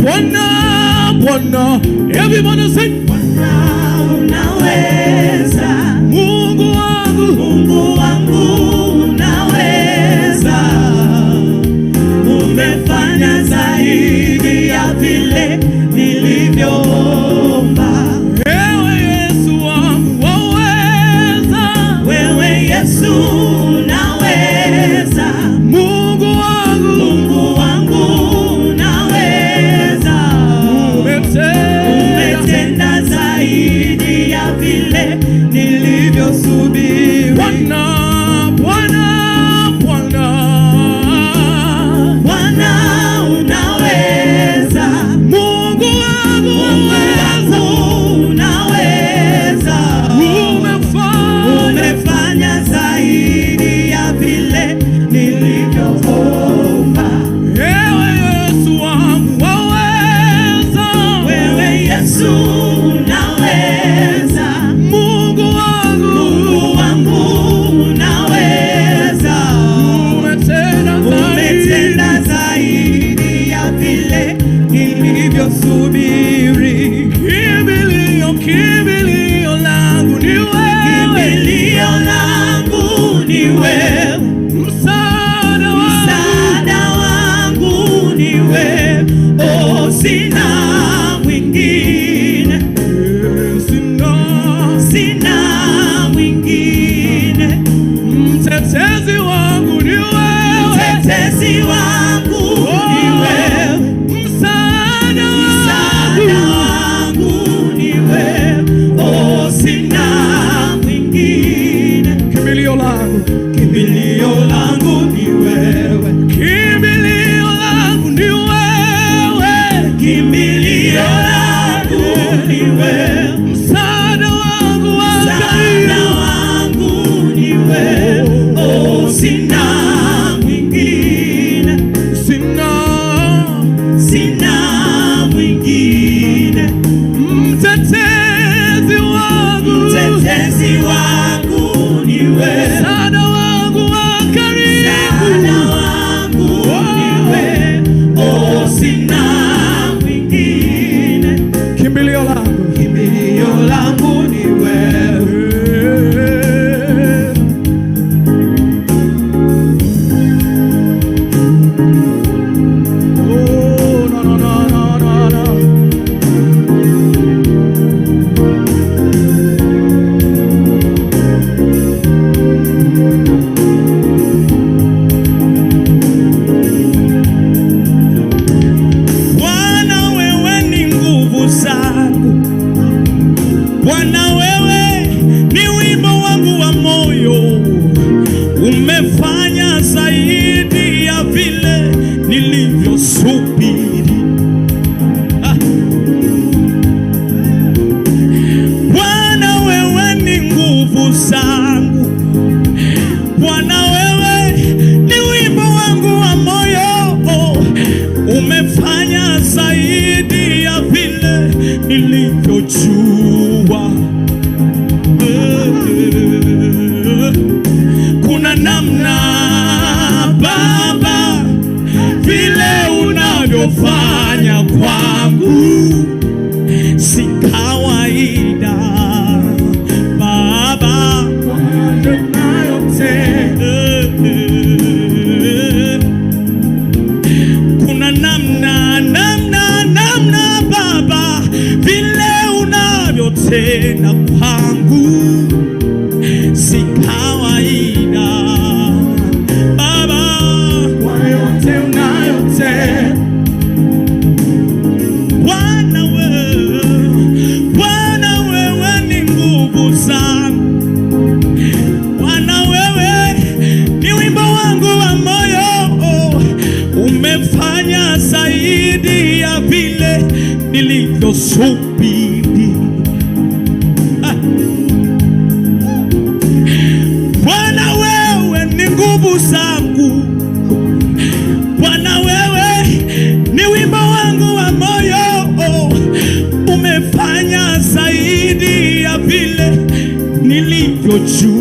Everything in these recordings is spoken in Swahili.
Bwana, Bwana, Bwana. Everybody sing. Bwana unaweza. Mungu wangu, Mungu wangu zangu. Bwana, wewe ni wimbo wangu wa moyo, umefanya zaidi ya vile nilivyojua.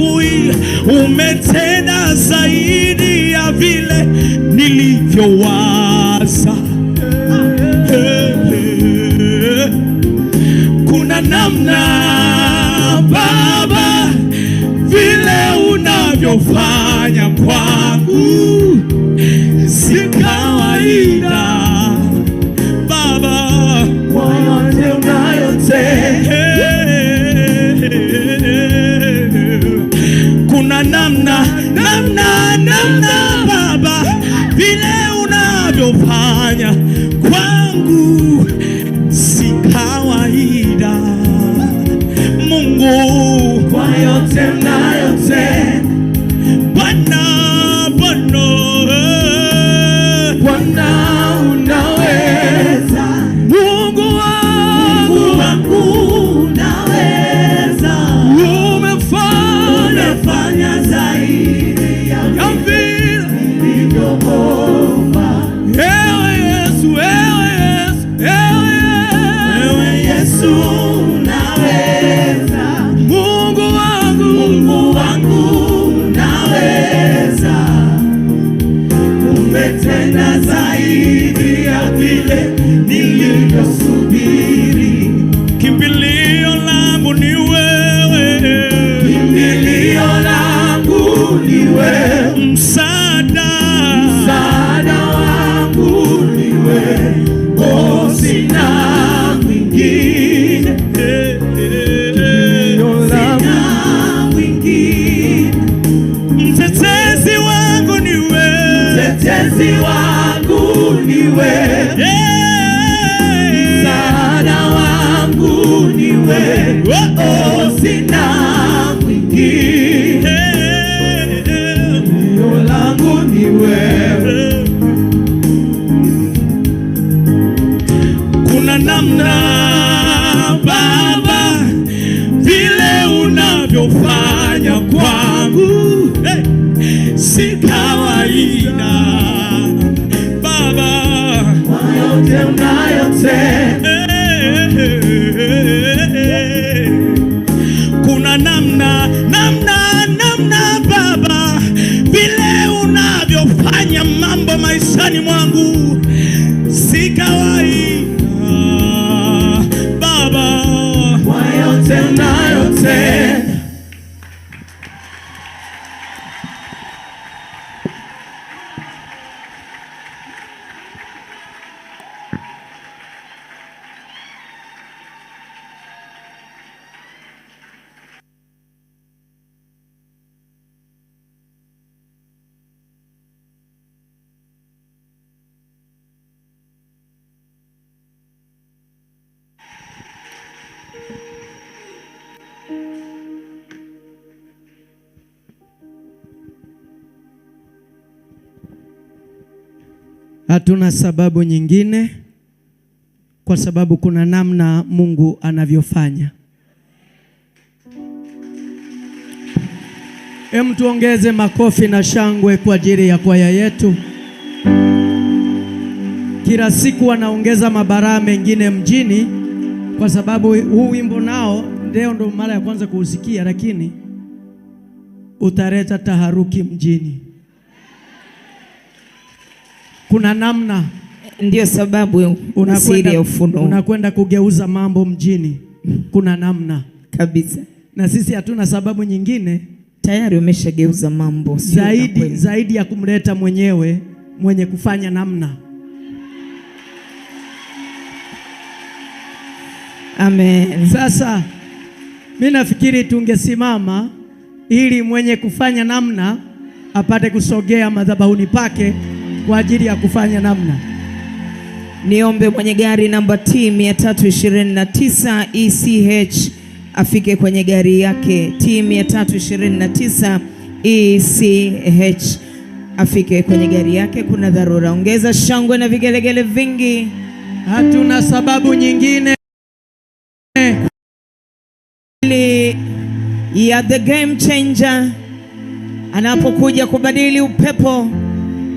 asubuhi umetenda zaidi ya vile nilivyowaza. Kuna namna Baba, vile unavyofanya kwa I'm not. mtetezi wangu ni wewe, msaada wangu ni wewe, oh, sina mwingine, kimbilio langu ni wewe. Kuna namna Baba vile unavyofanya kwangu, hey, si kawaida yote unayotenda kuna namna namna Hatuna sababu nyingine, kwa sababu kuna namna Mungu anavyofanya. Hem, tuongeze makofi na shangwe kwa ajili ya kwaya yetu. Kila siku wanaongeza mabaraa mengine mjini, kwa sababu huu wimbo nao ndio ndo mara ya kwanza kuusikia, lakini utaleta taharuki mjini. Kuna namna, ndio sababu siri ya ufunuo unakwenda kugeuza mambo mjini. Kuna namna kabisa, na sisi hatuna sababu nyingine, tayari umeshageuza mambo zaidi, zaidi ya kumleta mwenyewe mwenye kufanya namna. Amen. Sasa mi nafikiri tungesimama ili mwenye kufanya namna apate kusogea madhabahuni pake kwa ajili ya kufanya namna. Niombe mwenye gari namba T 329 ECH afike kwenye gari yake. T 329 ECH afike kwenye gari yake, kuna dharura. Ongeza shangwe na vigelegele vingi, hatuna sababu nyingine ya the game changer anapokuja kubadili upepo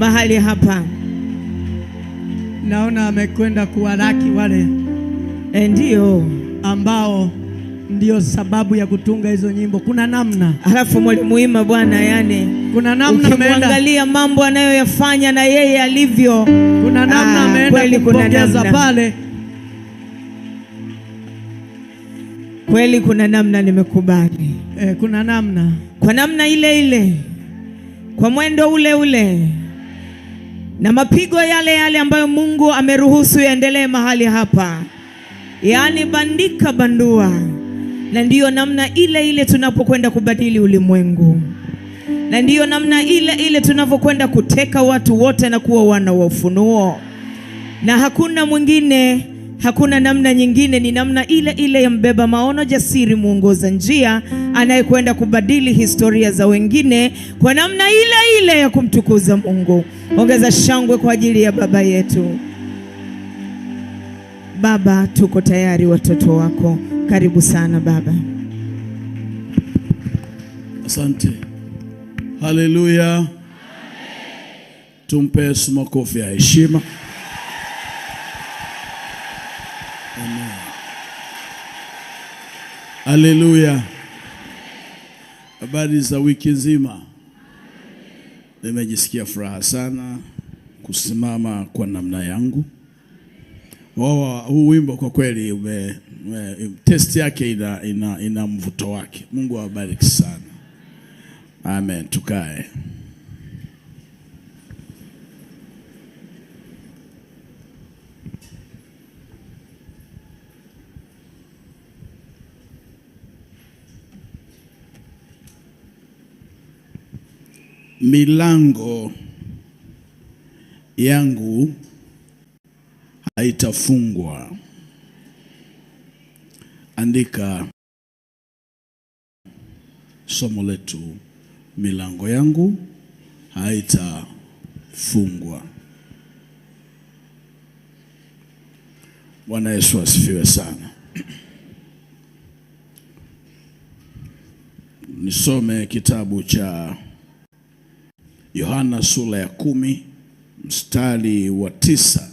mahali hapa. Naona amekwenda kuwaraki wale eh, ndio ambao ndio sababu ya kutunga hizo nyimbo. Kuna namna, alafu mwalimu Ima bwana, yani kuna namna ameangalia mambo anayoyafanya na yeye alivyo, kuna namna ah, ameenda kupongeza pale kweli, kuna namna nimekubali. Eh, kuna namna, kwa namna ile ile, kwa mwendo ule ule na mapigo yale yale ambayo Mungu ameruhusu yaendelee mahali hapa, yaani bandika bandua, na ndiyo namna ile ile tunapokwenda kubadili ulimwengu, na ndiyo namna ile ile tunapokwenda kuteka watu wote na kuwa wana wa ufunuo, na hakuna mwingine Hakuna namna nyingine, ni namna ile ile ya mbeba maono jasiri, mwongoza njia anayekwenda kubadili historia za wengine kwa namna ile ile ya kumtukuza Mungu. Ongeza shangwe kwa ajili ya baba yetu. Baba, tuko tayari, watoto wako. Karibu sana Baba. Asante, haleluya. Tumpe Yesu makofi ya heshima. Haleluya! Habari za wiki nzima. Nimejisikia furaha sana kusimama kwa namna yangu. Oh, huu wimbo kwa kweli ume, ume, test yake ina, ina, ina mvuto wake. Mungu awabariki sana. Amen. Tukae. milango yangu haitafungwa. Andika somo letu, milango yangu haitafungwa. Bwana Yesu asifiwe sana. Nisome kitabu cha Yohana sura ya kumi mstari wa tisa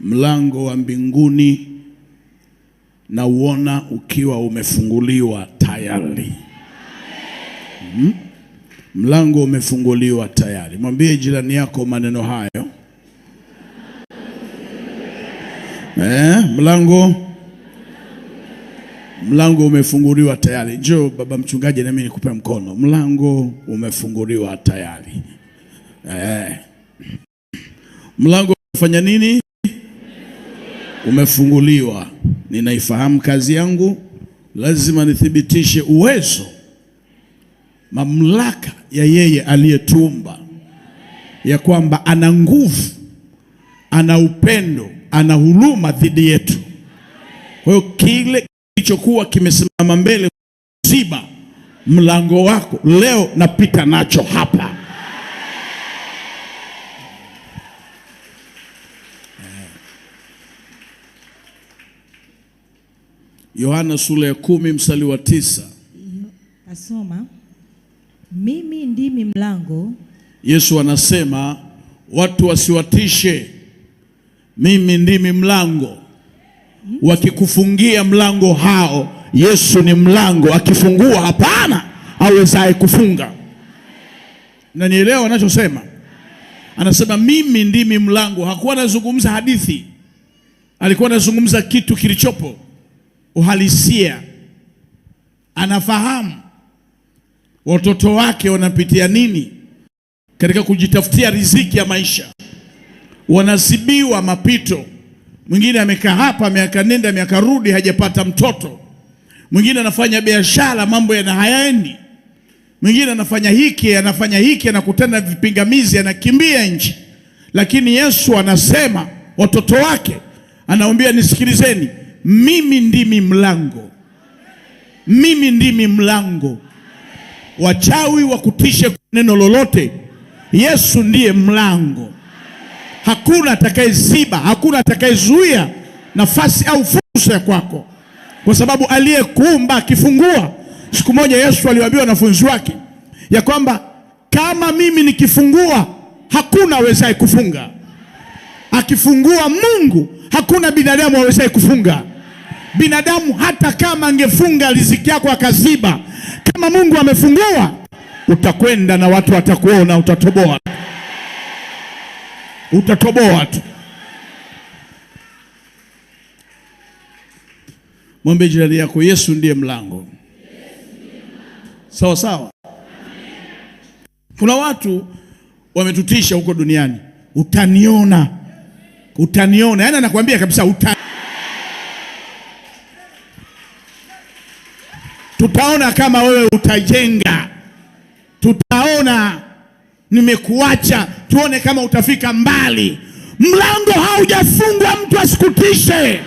mlango wa mbinguni na uona ukiwa umefunguliwa tayari. Hmm? Mlango umefunguliwa tayari. Mwambie jirani yako maneno hayo. Eh, mlango mlango umefunguliwa tayari. Njoo baba mchungaji, nami nikupe mkono. Mlango umefunguliwa tayari. Eh, mlango umefanya nini? Umefunguliwa. Ninaifahamu kazi yangu, lazima nithibitishe uwezo, mamlaka ya yeye aliyetumba, ya kwamba ana nguvu, ana upendo ana huruma dhidi yetu. Kwa hiyo kile kilichokuwa kimesimama mbele ziba mlango wako leo, napita nacho hapa. Yohana sura ya kumi mstari wa tisa nasoma, mimi ndimi mlango. Yesu anasema watu wasiwatishe mimi ndimi mlango. Wakikufungia mlango hao, Yesu ni mlango, akifungua hapana awezaye kufunga. Na nielewa anachosema, anasema mimi ndimi mlango. Hakuwa anazungumza hadithi, alikuwa anazungumza kitu kilichopo uhalisia. Anafahamu watoto wake wanapitia nini katika kujitafutia riziki ya maisha wanazibiwa mapito. Mwingine amekaa hapa miaka nenda miaka rudi, hajapata mtoto. Mwingine anafanya biashara, mambo yana hayaendi. Mwingine anafanya hiki, anafanya hiki, anakutana vipingamizi, anakimbia nchi. Lakini Yesu anasema watoto wake, anawaambia nisikilizeni, mimi ndimi mlango, mimi ndimi mlango. Wachawi wakutishe neno lolote, Yesu ndiye mlango. Hakuna atakayeziba, hakuna atakayezuia nafasi au fursa ya kwako, kwa sababu aliyekuumba akifungua. Siku moja Yesu aliwaambia wanafunzi wake ya kwamba kama mimi nikifungua, hakuna awezaye kufunga. Akifungua Mungu, hakuna binadamu awezaye kufunga. Binadamu hata kama angefunga riziki yako akaziba, kama Mungu amefungua, utakwenda na watu watakuona, utatoboa utatoboa tu. Mwambie jirani yako, Yesu ndiye mlango. Sawa sawa. Kuna watu wametutisha huko duniani, utaniona, utaniona. Yaani anakuambia kabisa uta... tutaona kama wewe utajenga, tutaona nimekuacha tuone kama utafika mbali. Mlango haujafungwa, mtu asikutishe.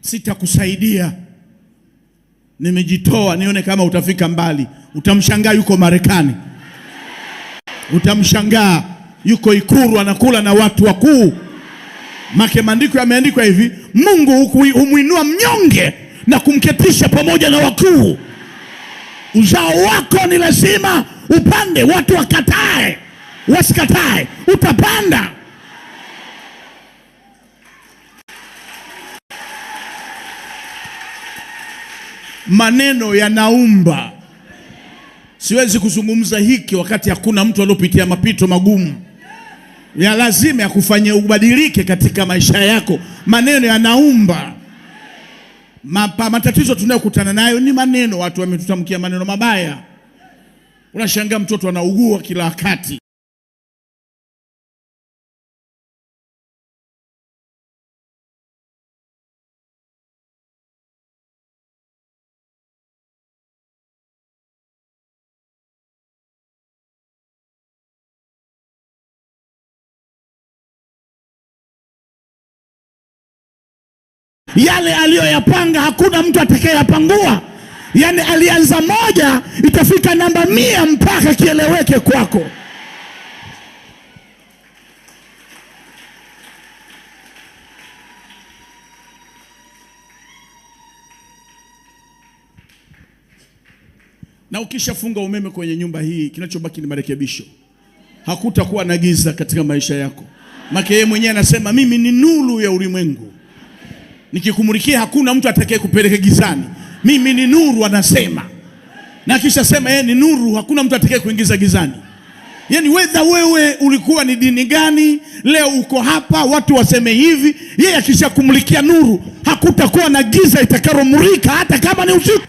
Sitakusaidia, nimejitoa, nione kama utafika mbali. Utamshangaa yuko Marekani, utamshangaa yuko Ikuru anakula na watu wakuu. Make maandiko yameandikwa hivi, Mungu humwinua mnyonge na kumketisha pamoja na wakuu. Uzao wako ni lazima upande, watu wakatae wasikatae, utapanda. Maneno yanaumba. Siwezi kuzungumza hiki wakati hakuna mtu aliopitia mapito magumu ya lazima ya kufanya ubadilike katika maisha yako. Maneno yanaumba. Mapa, matatizo tunayokutana nayo ni maneno, watu wametutamkia maneno mabaya. Unashangaa mtoto anaugua kila wakati. Yale aliyoyapanga hakuna mtu atakayeyapangua. yani alianza moja itafika namba mia mpaka kieleweke kwako. Na ukishafunga umeme kwenye nyumba hii, kinachobaki ni marekebisho. Hakutakuwa na giza katika maisha yako, maana yeye mwenyewe anasema mimi ni nuru ya ulimwengu nikikumulikia hakuna mtu atakaye kupeleka gizani. Mimi ni nuru, anasema na kisha sema yeye eh, ni nuru, hakuna mtu atakaye kuingiza gizani. yani wedha wewe ulikuwa ni dini gani, leo uko hapa, watu waseme hivi, yeye akishakumulikia nuru, hakutakuwa na giza itakalomulika hata kama ni usiku.